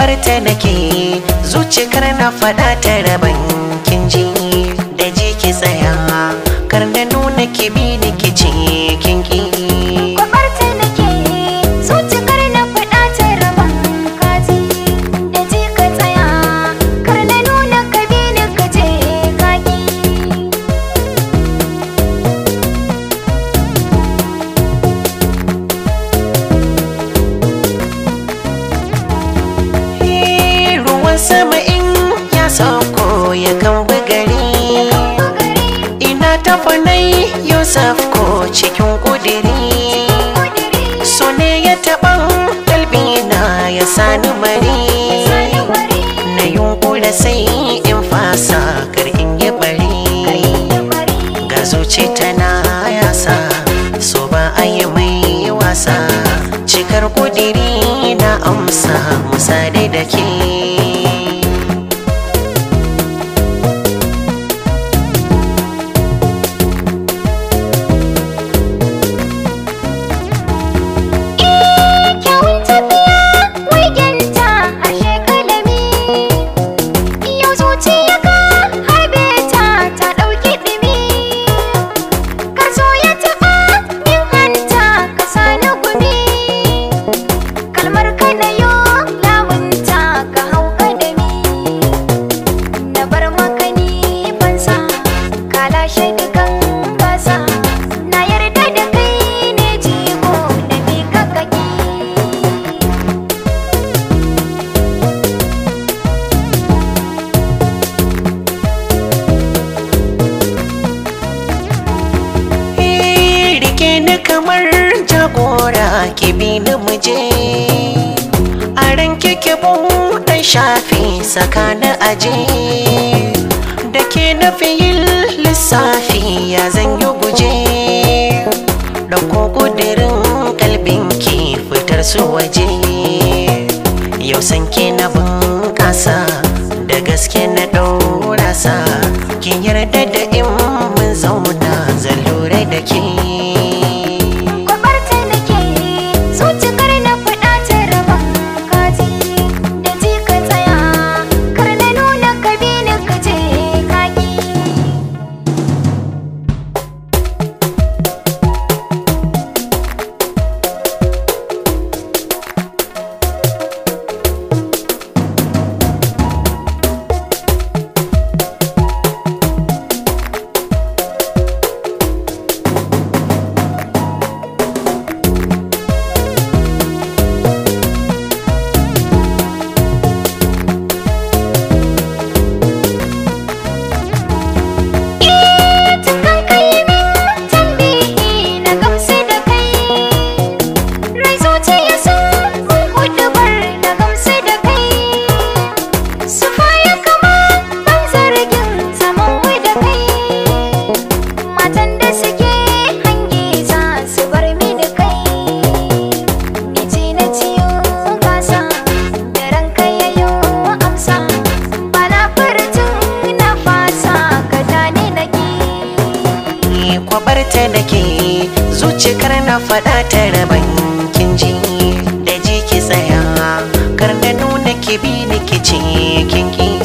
karɓar ta nake zuciyar na faɗa ta raba sani bari na yunkula sai in fasa kar in yi bari ga zuci tana yasa so ba a yi mai wasa cikar kudiri na amsa musa da ke ki bi ni muje a ranke ki buɗe shafi tsakanin aje Dake ke yin lissafi ya zanyi guje ɗauko ƙudurin kalbin ki fitar su waje yau san ke na bunƙasa da gaske na ɗaurasa ki yarda da faɗa ta raban kin da ji ki tsaya kar na nuna ki bi ni ki ce kin